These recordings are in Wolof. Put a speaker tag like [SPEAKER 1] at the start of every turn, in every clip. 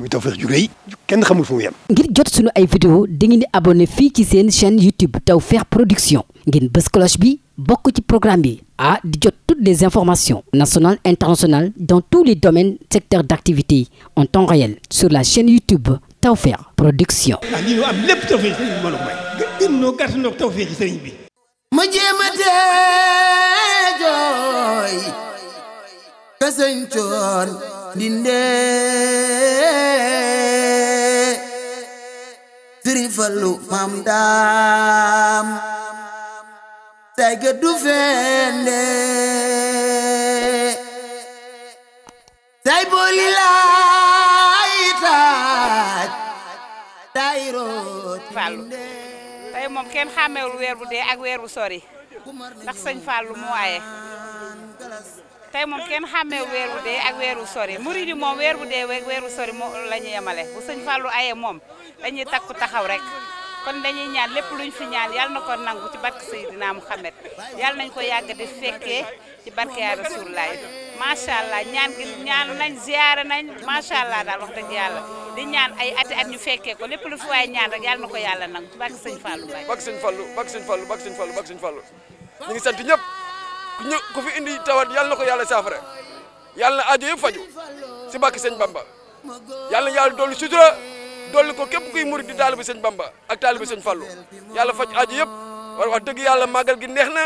[SPEAKER 1] muy Tawfekh ju rëy kenn xamul fu mu yem.
[SPEAKER 2] ngir jot sunu ay vidéo dangeen di abonné fii ci seen chaîne YouTube Tawfekh Production ngeen bës bi bokk ci programme bi ah di jot toutes les informations nationales internationales dans tous les domaines secteurs d'activité en temps réel sur la chaîne YouTube Tawfekh Production.
[SPEAKER 1] ah lii ñu am lépp Tawfekh sëriñ bi ma la may. gën gën ñoo gàtt ñoo Tawfekh ma jéem a
[SPEAKER 2] ka sëñ coon dindee. fallu mam daam say gëddu feende say booli laay taaj day root fallu tey moom kenn xàmmewul weer bu dee ak weer bu sori ndax sëñ fallu mu waaye tey moom kenn xàmmee weeru dee ak weeru sori murid yi moom weer bu dee weeru sori moom la ñu yemale bu sëñ Fallou ayee moom dañuy ku taxaw rek kon dañuy ñaan lépp lu luñ fi ñaan yàlla na ko nangu ci barke Seydina Muhammad yàlla nañ ko yàgg di fekkee ci barke yaa Rasulullaay macha allah ñaan gi ñaan nañ ziyaare nañ macha allah daal wax dëgg yàlla di ñaan ay ati at ñu fekkee ko lépp lu fi waaye ñaan rek yàlla na ko yàlla nangu ci barke sëñ Fallou Mbaye.
[SPEAKER 1] barke sëñ Fallou barke sëñ Fallou barke sëñ Fallou barke ñu ngi sant ñëpp. ñu ku fi indi tawat yàlla na ko yàlla saafara yàlla ajo aajo yëpp faju si bàkki sëñ Bamba yàlla na yàlla dolli sutura dolli ko képp kuy murid di taalibe sëñ Bamba ak taalibe sëñ Fallu yàlla faj aajo yëpp war wax dëgg yàlla màggal gi neex na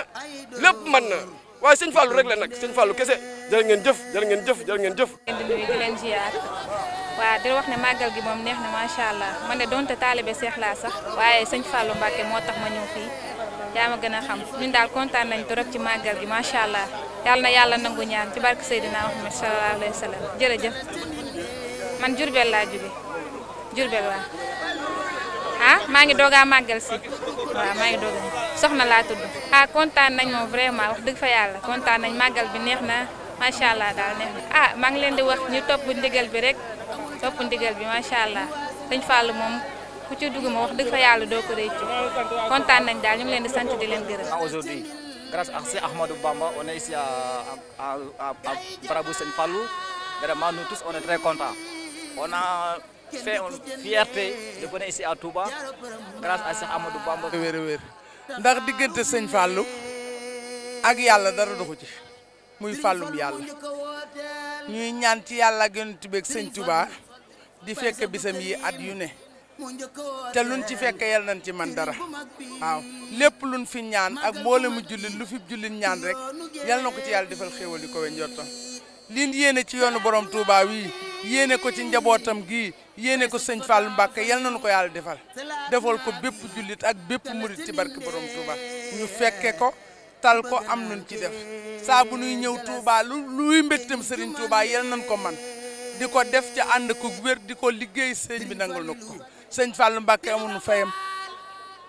[SPEAKER 1] lépp man na waaye sëñ Fallu rek la nag sëñ Fallu kese jërë ngeen jëf jërë ngeen jëf jërë ngeen jëf di leen
[SPEAKER 2] ziar waaw di wax ne màggal gi moom neex na macha allah man ne donte taalibe seex laa sax waaye sëñ Fallu Mbàkke moo tax ma ñëw yaa ma gën a xam ñun daal kontaan nañ trop ci màggal bi macha allah yàlla na yàlla nangu ñaan ci barke Seydina Muhammad sallallahu alayhi wa sallam jërëjëf man Jurbel laa jóge Jurbel waa ah maa ngi doog a màggal si waaw maa ngi doog soxna laa tudd. ah kontaan nañ moom vraiment wax dëgg fa yàlla kontaan nañ màggal bi neex na macha allah daal neex na ah maa ngi leen di wax ñu topp ndigal bi rek topp ndigal bi macha allah dañ fàll moom. ku ci dugg ma wax dëgg fa yàlla doo ko réccu kontaan nañ daal ñu leen di sant di leen gërëm. Ah, aujourd'hui grâce à Cheikh Ahmadou Bamba on est ici à à à à Barabou Seigne Fallou vraiment nous tous on est très contents on a fait une fierté de venir ici à Touba grâce à Cheikh Ahmadou
[SPEAKER 1] ndax diggante sëñ fàllu ak yàlla dara doxu ci muy Fallou bi yàlla ñuy ñaan ci yàlla gën a tibeeg sëñ Touba di fekk bisam yi at yu ne. te luñ ci fekk yal nañ ci man dara waaw lépp lu luñ fi ñaan ak mboole mu jullit lu fi jullit ñaan rek yal na ko ci yàlla defal xéewal yi ko we njortam liñ yéene ci yoonu borom Touba wi yéene ko ci njabootam gii yéene ko sëñ Fall Mbàkke yal nañu ko yàlla defal defal ko bépp jullit ak bépp murit ci barke borom Touba ñu fekke ko tal ko am nuñ ci def saa bu nuy ñëw Touba lu luy mbégtam sëriñ Touba yal nañ ko man di ko def ci ànd ko wér di ko liggéey sëñ bi nangul na ko sëñ Fallou Mbacké amul nu fayam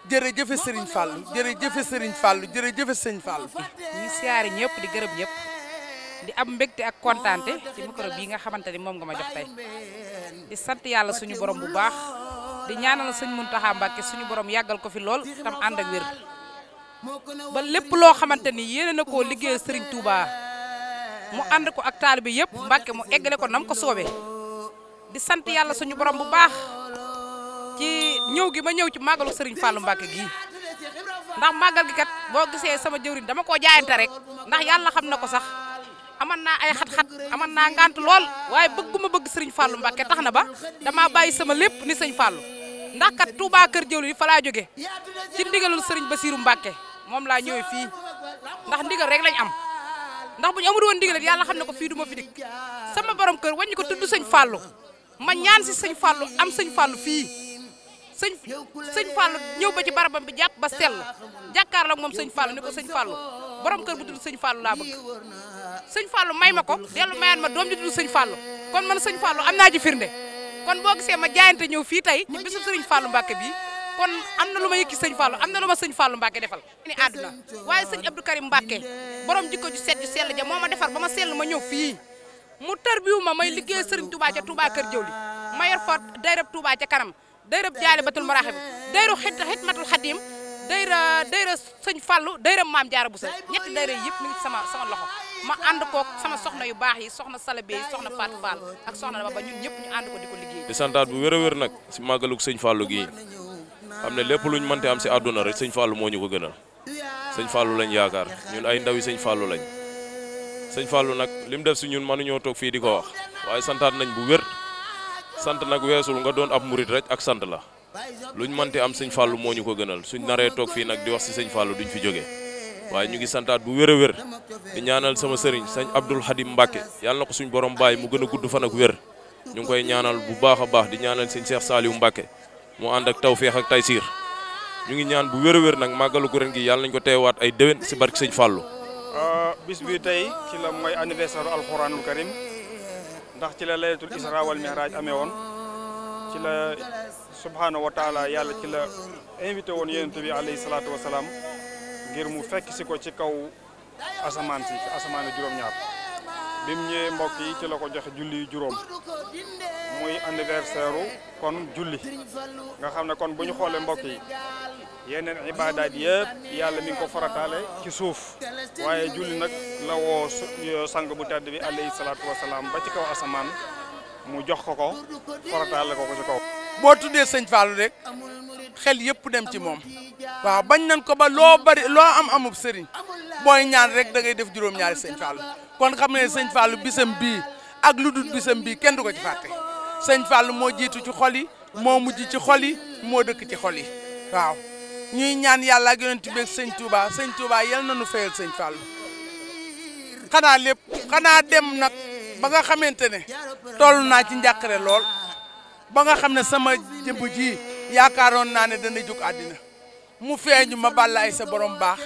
[SPEAKER 1] jërëjëfe Serigne Fallou jërëjëfe Serigne Fallou jërëjëfe sëñ Fallou. ñuy siyaare ñëpp di gërëm ñëpp
[SPEAKER 2] di am mbégte ak kontaante ci micro bii nga xamante ni moom nga ma jox di sant yàlla suñu borom bu baax di ñaanal sëñ Mountakha Mbacké suñu borom yàggal ko fi lool ànd ak wér ba lépp loo xamante ni yéene na koo liggéeyal Serigne mu ànd ko ak taalibe yëpp Mbacké mu eggale ko nam ko soobee di sant yàlla suñu borom bu baax. ci ñëw gi ma ñëw ci màggalu Serigne Fallou Mbacke gii ndax màggal gi kat boo gisee sama jëwriñ dama koo jaayante rek ndax yàlla xam na ko sax ama naa ay xat-xat aman naa ngant lool waaye bëgguma bëgg Serigne Fallou Mbacke tax na ba damaa bàyyi sama lépp ni sëñ Fallou ndax kat Touba kër jëwriñ fa laa jóge ci ndigalul Serigne Bassirou Mbacke moom laa ñëwee fii ndax ndigal rek lañ am ndax bu ñu amul woon ndigal yàlla xam ne ko fii du ma fi dikk sama borom kër waññi ko tudd sëñ Fallou ma ñaan si sëñ Fallou am sëñ Fallou fii sëñ sëñ Fallou ñëw ba ci barabam bi jàpp ba sell jàkkaarloog moom sëñ Fallou ne ko sëñ Fallou borom kër bu tudd sëñ Fallou laa bëgg sëñ Fallou may ma ko dellu mayaat ma doom ji tudd sëñ Fallou kon man sëñ Fallou am naa ci firnde kon boo gisee ma jaayante ñëw fii tey ci bisu sëriñ Fallou Mbacke bii kon am na lu ma yëkki sëñ Fallou am na lu ma sëñ Fallou Mbacke defal ni àdduna waaye sëñ Abdou Karim Mbacke borom jikko ju set ju sell ja moo ma defar ba ma sell ma ñëw fii mu tarbiwu ma may liggéey sëriñ Touba ca Touba kër jëw li ma yor fa dayrab Touba kanam dayra jaalibatul maraaxib dayru xit dayra sëñ Fallu dayra maam jaara bu sa ñetti dayra yëpp mi ngi sama ma ànd kook sama soxna yu baax yi soxna Salabé yi soxna Fatou Fall ak soxna Daba ñun ñëpp ñu ànd ko di ko liggéey.
[SPEAKER 1] di santaat bu wér a wér nag si màggalug sëñ Fallu gi xam ne lépp luñ mënti am si àdduna rek sëñ Fallu moo ñu ko gënal sëñ Fallu lañ yaakaar ñun ay ndaw yi sëñ Fallu lañ sëñ Fallu nag lim def si ñun mënuñoo toog fii di ko wax waaye santaat nañ bu wér sant nag weesul nga doon ab murit rek ak sant la luñ mënti am sëñ Fallou moo ñu ko gënal suñ naree toog fii nag di wax si sëñ Fallou duñ fi jógee waaye ñu ngi santaat bu wér a wér di ñaanal sama sëriñ sañ Abdoul Hadim Mbacke yàlla na ko suñ borom bàyyi mu gën a gudd fan ak wér ñu ngi koy ñaanal bu baax a baax di ñaanal sëñ Cheikh Saliou Mbacke mu ànd ak tawféex ak taysiir ñu ngi ñaan bu wér a wér nag màggalu ko ren gi yàlla nañ ko teewaat ay déwén si ba sëñ Fallou ah, bis bi tey ci la mooy anniversaire ndax ci la laylatul isra wal amee woon ci la subhaanahu wa taala yàlla ci la invité woon yonent bi alayhi salaatu salaam ngir mu fekk si ko ci kaw asamaan si ci asamaanu juróom-ñaar bi mu ñëwee mbokk yi ci la ko joxe julli juróom muy anniversaire kon julli nga xam ne kon bu ñu xoolee mbokk yi yeneen ibaadaat yëpp yàlla mi ngi ko farataale ci suuf waaye julli nag la woo sang bu tàdd bi alayhi salaatu wasalaam ba ci kaw asamaan mu jox ko ko farataale ko ko ci kaw. boo tuddee sëñ Fallou rek xel yëpp dem ci moom. waaw bañ nañ ko ba loo bari loo am amub sëriñ booy ñaan rek da ngay def juróom-ñaari sëñ Fallou kon xam ne sëñ Fallou bisam bii ak lu dul bisam bii kenn du ko ci sëñ Fall moo jiitu ci xol yi moo mujj ci xol yi moo dëkk ci xol yi waaw ñuy ñaan yàlla ak yonent bi ak sëñ Touba sëñ Touba yal na nu fayal sëñ Fall xanaa lépp xanaa dem nag ba nga xamante ne toll naa ci njàqare lool ba nga xam ne sama jëmb ji yaakaaroon naa ne dana jóg àddina mu feeñu ma bàllaay sa borom baax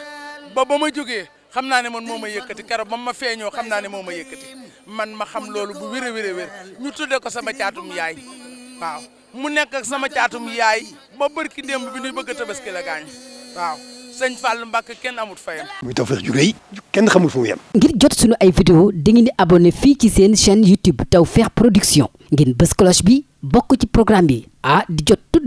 [SPEAKER 1] ba ba ma jógee. xam naa ne man moo ma yëkkati keroog ba ma feeñoo xam naa ne moo ma yëkkati man ma xam loolu bu wér a ñu tuddee ko sama caatum yaay waaw mu nekk ak sama caatum yaay ba barki démb bi ñuy bëgg a tabaski la gaañ waaw sëñ Fall Mbacke kenn amut fayam. muy Tawfekh ju rëy kenn xamul fu mu yem. ngir jot sunu ay
[SPEAKER 2] vidéo dangeen di abonné fii ci seen chaîne YouTube Tawfekh Production ngeen bës cloche bi bokk ci programme bi ah di jot.